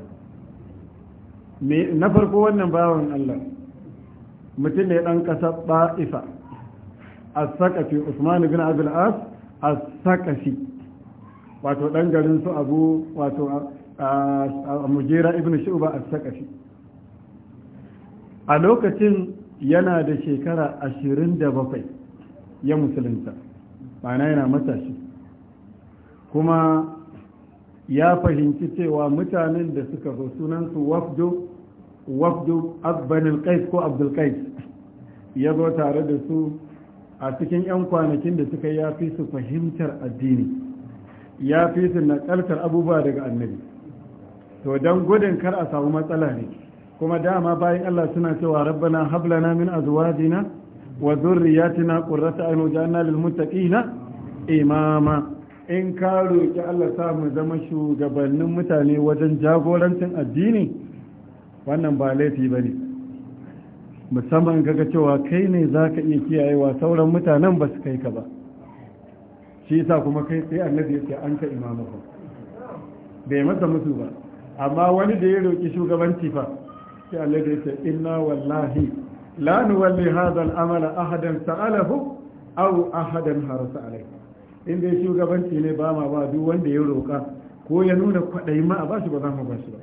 na farko wannan bawon Allah mutum ne ɗan ƙasa ba'ifa a sakafi usman bin abul as a sakafi wato ɗan garin su abu wato a mujera ibn shuba a sakafi a lokacin yana da shekara ashirin da bakwai ya musulunta na yana matashi kuma ya fahimci cewa mutanen da suka zo sunansu wafdu wafdu abbanil qais ko abdul qais ya zo tare da su a cikin 'yan kwanakin da suka ya fi su fahimtar addini ya fi su nakaltar abubuwa daga annabi to don gudun kar a samu matsala ne kuma dama bayan Allah suna cewa rabbana hablana min azwajina wa dhurriyyatina qurrata a'yun waj'alna lil muttaqina imama in ka roƙi Allah sa mu zama shugabannin mutane wajen jagorancin addini wannan ba laifi ba ne musamman gaga cewa kai ne za ka iya kiyayewa sauran mutanen ba su kai ka ba shi yasa kuma kai sai annabi yake an ka imamu ba bai masa mutu ba amma wani da ya roƙi shugabanci fa sai annabi yake inna wallahi la nuwalli hadha al-amala ahadan sa'alahu aw ahadan harasa alayhi in dai shugabanci ne ba ma ba duk wanda ya roƙa ko ya nuna kwaɗayi ma a bashi ba za mu shi ba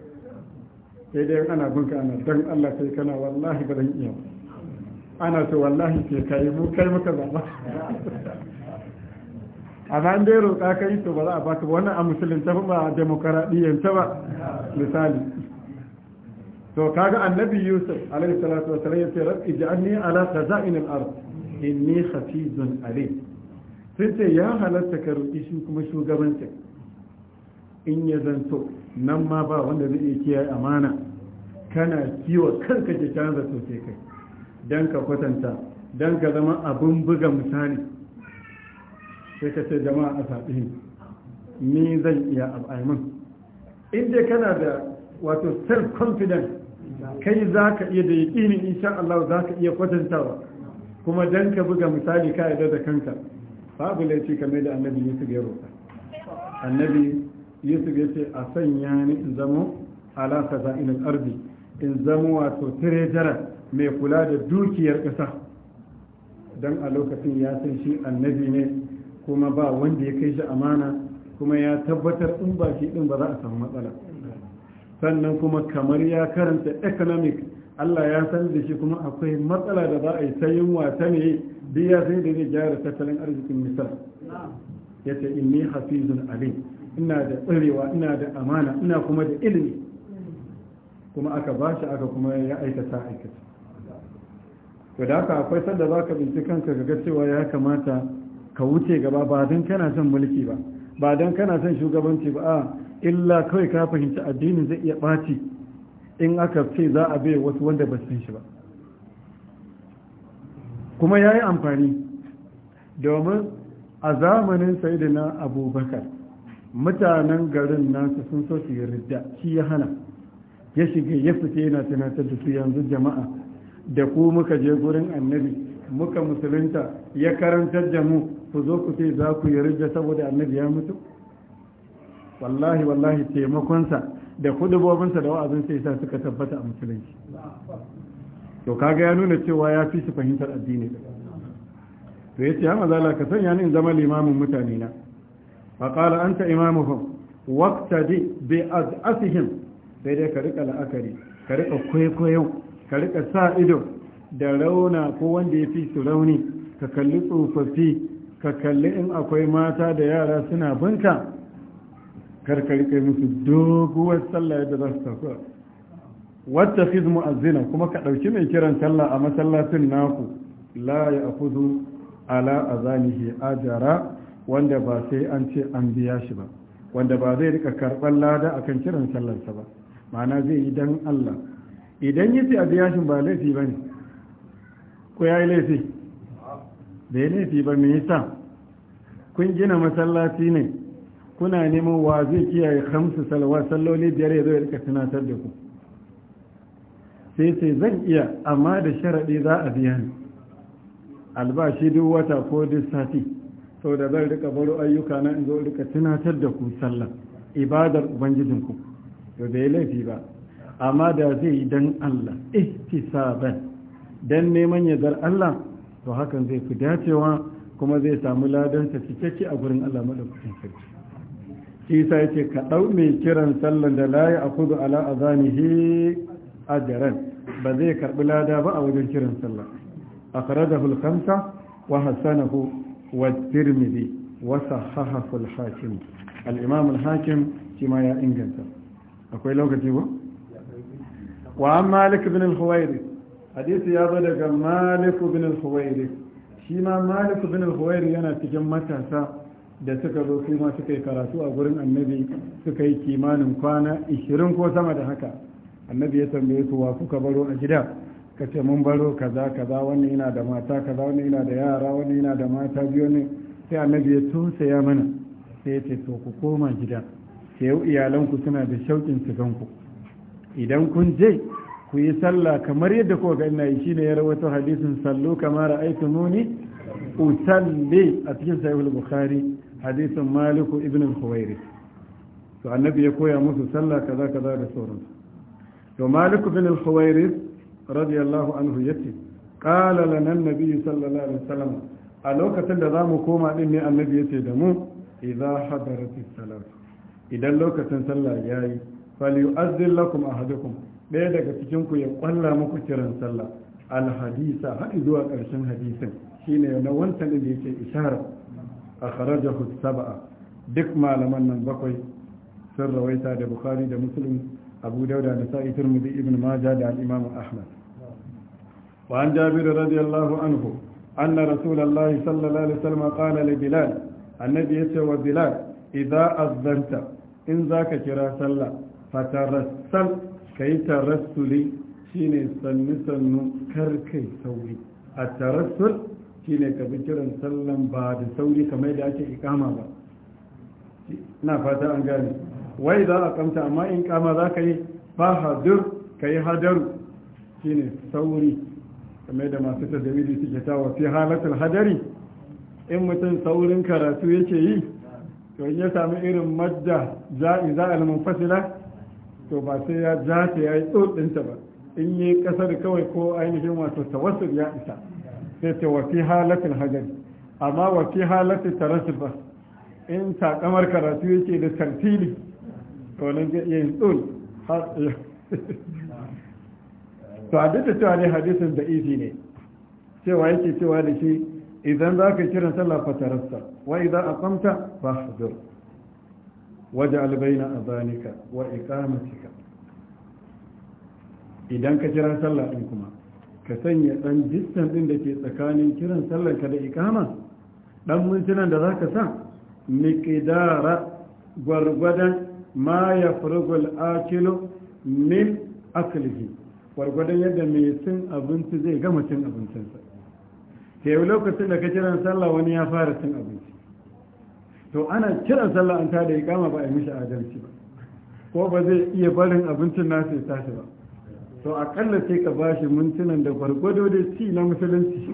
sai dai ana gunka ana dan Allah sai kana wallahi ba zan iya ana to wallahi ke kai mu kai muka zaba amma in dai roƙa kai to ba za a baka wannan a musulunta ba a demokaradiyyanta ba misali to kaga annabi yusuf alaihi salatu wasallam ya ce rabbi ij'alni ala khaza'in al-ard inni hafizun alim sai ce ya halatta ka roƙi shi kuma shugabanci in ya zanto nan ma ba wanda zai iya kiyaye amana kana kiwa kanka ke canza sosai kai don ka kwatanta don ka zama abin buga misali sai ka ce jama'a a saɓi ni zan iya al'aimin inda kana da wato self confidence kai za ka iya da yaƙinin insha Allah za ka iya kwatantawa kuma don ka buga misali ka yarda da kanka babu laifi kame da annabi yusuf ya roƙa annabi yusuf ya ce a sanya ni in zamo ala khaza'inil ardi in zamo wato jara mai kula da dukiyar ƙasa don a lokacin ya san shi annabi ne kuma ba wanda ya kai shi amana kuma ya tabbatar in ba shi din ba za a samu matsala sannan kuma kamar ya karanta economic Allah ya san da shi kuma akwai matsala da za a yi sayin yunwa ne duk ya san da zai gyara tattalin arzikin misal ya ce inni hafizun alim ina da tsirewa ina da amana ina kuma da ilimi kuma aka ba shi aka kuma ya aikata aikata to da haka akwai sanda za ka binci kanka ga cewa ya kamata ka wuce gaba ba don kana son mulki ba ba don kana son shugabanci ba a illa kawai ka fahimci addinin zai iya ɓaci in aka ce za a bai wasu wanda ba su shi ba kuma ya yi amfani domin a zamanin saidina abubakar mutanen garin nasu sun so su yarda shi ya hana ya shiga ya fice yana tunatar da su yanzu jama'a da ku muka je gurin annabi muka musulunta ya karantar da mu ku zo ku ce za ku yarda saboda annabi ya mutu wallahi wallahi taimakonsa da bobinsa da wa'azin sai sa suka tabbata a musulunci to kaga ya nuna cewa ya fi su fahimtar addini to ce ya mazala ka sanya ni in zama limamin mutane na fa qala anta imamuhum waqtadi bi az'asihim sai dai ka rika la'akari ka rika kwaikwayo ka rika sa ido da rauna ko wanda ya fi su rauni ka kalli tsofaffi ka kalli in akwai mata da yara suna bunka. karkar kai musu doguwar sallah yadda za su tafi wata fiz mu'azzina kuma ka ɗauki mai kiran sallah a masallacin naku la ya akuzu ala azanihi ajara wanda ba sai an ce an biya shi ba wanda ba zai rika karɓar lada akan kiran sallarsa ba ma'ana zai yi dan Allah idan yi a biya shi ba laifi ba ne ko ya yi laifi bai laifi ba me yasa kun gina masallaci ne kuna neman wa zai kiyaye hamsu salawa salloli biyar ya zo ya rika tunatar da ku sai sai zan iya amma da sharaɗi za a biya ni albashi duk wata ko duk sati sau da zan rika baro ayyuka na in zo rika tunatar da ku sallah ibadar ubangijinku to bai laifi ba amma da zai yi dan Allah ihtisaban dan neman ya zar Allah to hakan zai fi dacewa kuma zai samu ladansa cikakke a gurin Allah madaukakin sarki shi sa yake ka ɗau mai kiran sallan da layi a kudu ala a zanihi a jaren ba zai karɓi lada ba a wajen kiran sallah a kare da hulkamsa wa hassanahu wa tirmidhi wa sahahahu hakim al-imam al-hakim shi ma ya inganta akwai lokaci ba wa an malik bin al-huwairi hadisi ya zo daga malik bin al-huwairi shi ma malik bin al-huwairi yana cikin matasa da suka zo su ma suka yi karatu a gurin annabi suka yi kimanin kwana ishirin ko sama da haka annabi ya tambaye su wa kuka baro a gida ka ce mun baro kaza kaza wani yana da mata kaza wani yana da yara wani yana da mata biyu ne sai annabi ya tosaya mana sai ya ce to ku koma gida sai yau iyalanku suna da shauƙin su ganku idan kun je ku yi sallah kamar yadda kuka ga ina yi shine ya rawaito hadisin sallu kamar nuni usalli a cikin sahihul bukhari hadisin maliku ibn al to annabi ya koya musu sallah kaza kaza da sauransu to maliku ibn al-huwairi radiyallahu anhu yace qala lana an sallallahu alaihi wasallam a lokacin da zamu koma din ne annabi yace da mu idza hadaratis salat idan lokacin sallah yayi falyu'azzil lakum ahadukum ɗaya daga cikin ku ya kwalla muku kiran sallah alhadisa har zuwa ƙarshen hadisin shine na wancan da yake isharar akhrajahu sab'a duk malaman nan bakwai sun rawaita da bukhari da musulun abu dauda da sa'i turmudi ibn Maja da al ahmad wa an jabir radiyallahu anhu na rasulullahi sallallahu alaihi wasallam qala li bilal annabi yace wa bilal idza azzanta in zaka kira sallah fatarassal kai tarassuli shine sannu sannu kar kai sauri at tarassul shi ne ka bi kiran sallan ba da sauri kamar da ake ikama ba ina fata an gane wai za a kamta amma in kama za ka yi ba hadur ka yi hadaru ne sauri kamar da masu tajamidi suke tawa fi halatul hadari in mutum saurin karatu yake yi to in ya sami irin madda a al fasila to ba sai ya ja ta yi tsotsinta ba in yi kasar kawai ko ainihin wato tawassul ya isa sai ce wa fi halatin hajar amma wa fi halatin tarasifa in takamar karatu yake da tartili to nan zai iya yin tsul to a duk da cewa ne hadisin da izi ne cewa yake cewa da shi idan za ka kiran sallah tarasta wa idan zo waje albaina a zanika wa iqamatika idan ka kiran sallah din kuma ka sanya ɗan distan ɗin da ke tsakanin kiran sallar ka da ikama ɗan mintunan da za ka sa miƙidara gwargwadon ma ya furgul akilo min akilhi gwargwadon yadda mai cin abinci zai gama cin abincinsa ke yi lokacin da ka kiran sallah wani ya fara cin abinci to ana kiran sallah an da ikama ba a yi mishi adalci ba ko ba zai iya barin abincin nasu ya tashi ba to akalla sai ka ba shi mintunan da gwargwado da ci na musulunci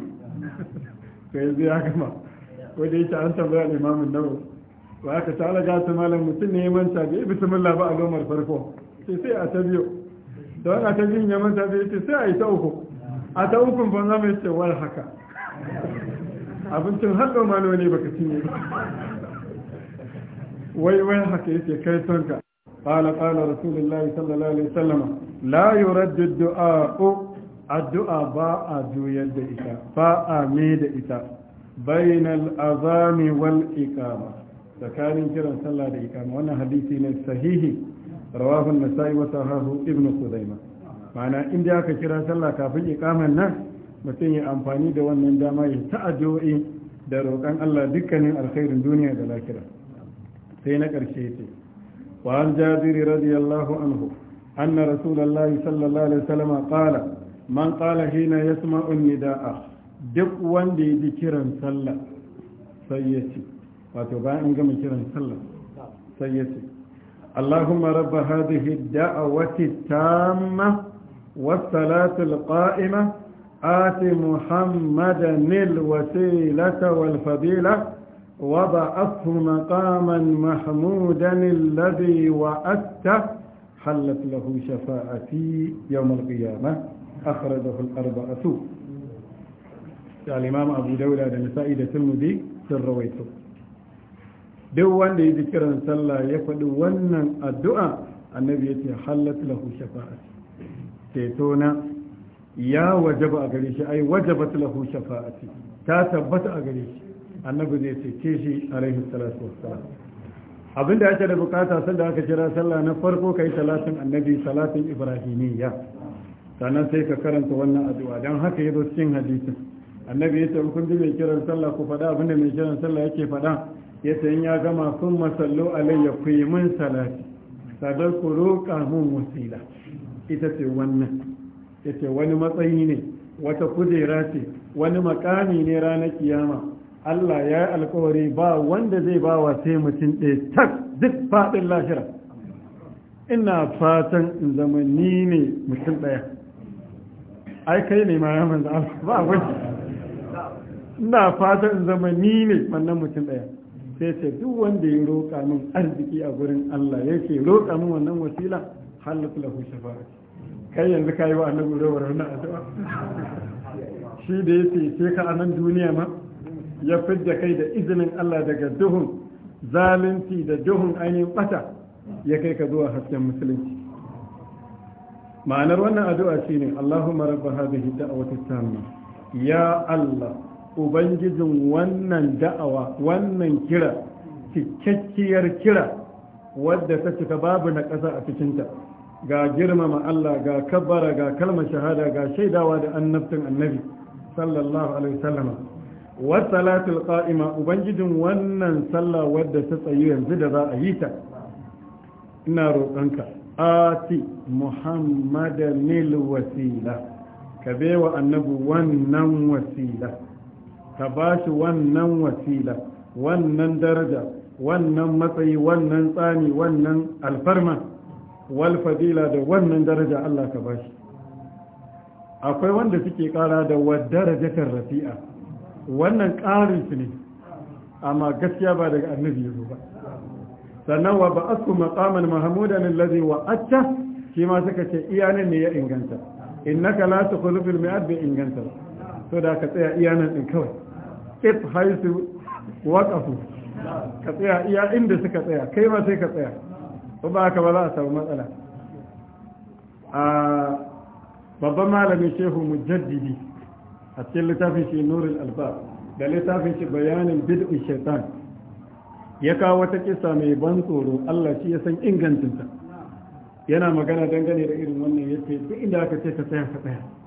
to yanzu ya gama wadda yake an tambaya limamin nawa ba aka ta alaga ta malam mutum ne ya manta bai bismillah ba a gomar farko sai sai a ta biyu da wani a ta biyun ya manta bai ce sai a yi ta uku a ta ukun ban zama ce war haka abincin har ɗau malo ne baka cinye ba wai wai haka ce kai tonka قال قال رسول الله صلى الله عليه وسلم لا يرد الدعاء الدعاء باء جويل إتا باء ميد إتا بين الأذان والإقامة فكان كرا صلى الإقامة وانا حديثي صحيح رواه النسائي وصححه ابن خزيمة معنى إن جاك كرا صلى كافي إقامة الناس mutum ya amfani da wannan dama ya ta'ajo'i da roƙon Allah dukkanin alkhairin duniya da lakira sai na ƙarshe ce وعن جابر رضي الله عنه أن رسول الله صلى الله عليه وسلم قال من قال حين يسمع النداء duk wanda ya ji kiran sallah sai ya ce wato bayan gama kiran sallah sai ya ce Allahumma rabba hadhihi da'awati tamma ati Muhammadan Nil wasilata wal وضعته مقاما محمودا الذي وأته حلت له شفاعتي يوم القيامة أخرجه الأربعة قال الإمام أبو دولة لمسائدة المذي سرويته دوان دي ذكرا سلا يفدوان الدعاء النبي يتي حلت له شفاعتي تيتونا يا وجب أغريش أي وجبت له شفاعتي تاتبت أغريش annabi zai cece shi alaihi salatu wassalam abin da ake da bukata sanda aka kira sallah na farko kai salatin annabi salatin ibrahimiyya sannan sai ka karanta wannan addu'a dan haka yazo cikin hadisi annabi ya ce kun ji mai kiran sallah ku faɗa abin da mai kiran sallah yake faɗa ce in ya gama sun masallo alayya ku yi min salati sadar ku roƙa mun wasila ita ce wannan ce wani matsayi ne wata kujera ce wani makami ne ranar kiyama Allah ya yi alkawari ba wanda zai ba wa sai mutum ɗaya tak duk faɗin lahira ina fatan in zama ni ne mutum ɗaya ai kai ne ma ya manzo ba wani ina fatan in zama ni ne wannan mutum ɗaya sai ce duk wanda ya roƙa min arziki a gurin Allah ya ke roƙa min wannan wasila halatu lahu shafa'a kai yanzu yi wa annabi rawar wannan addu'a shi da yake sai ka anan duniya ma ya fidda kai da izinin Allah daga duhun zalunci da duhun ainihin bata ya kai ka zuwa hasken musulunci ma'anar wannan addu'a shine Allahumma rabba hadhihi da'wati tamma ya Allah ubangijin wannan da'awa wannan kira cikakkiyar kira wadda ta cika babu na ƙasa a cikinta ga girmama Allah ga kabbara ga kalmar shahada ga shaidawa da annabtin annabi sallallahu alaihi wasallam wasalatul qa'ima ubangijin wannan sallah wadda ta tsayi yanzu da za a yi ta ina roƙonka ati muhammadanil wasila ka bewa annabi wannan wasila ka bashi wannan wasila wannan daraja wannan matsayi wannan tsami, wannan alfarma wal fadila da wannan daraja Allah ka bashi akwai wanda suke kara da wadda rafi'a wannan ƙarin su ne amma gaskiya ba daga annabi ya ba sannan wa ba'athu maqaman mahmudan alladhi acca? shi ma suka ce iyanan ne ya inganta innaka la tukhlu kulufin mi'ad bi inganta to da ka tsaya iyanan din kawai if haisu waqafu ka tsaya iya inda suka tsaya kai ma sai ka tsaya ko ba ka ba za a samu matsala a babban malamin shehu mujaddidi a cikin littafin shi nurul alba da littafin shi bayanin bid'u shaitan ya kawo wata kisa mai ban tsoro Allah shi ya san ingancinta yana magana dangane da irin wannan yace duk inda aka ce ka tsaya ka tsaya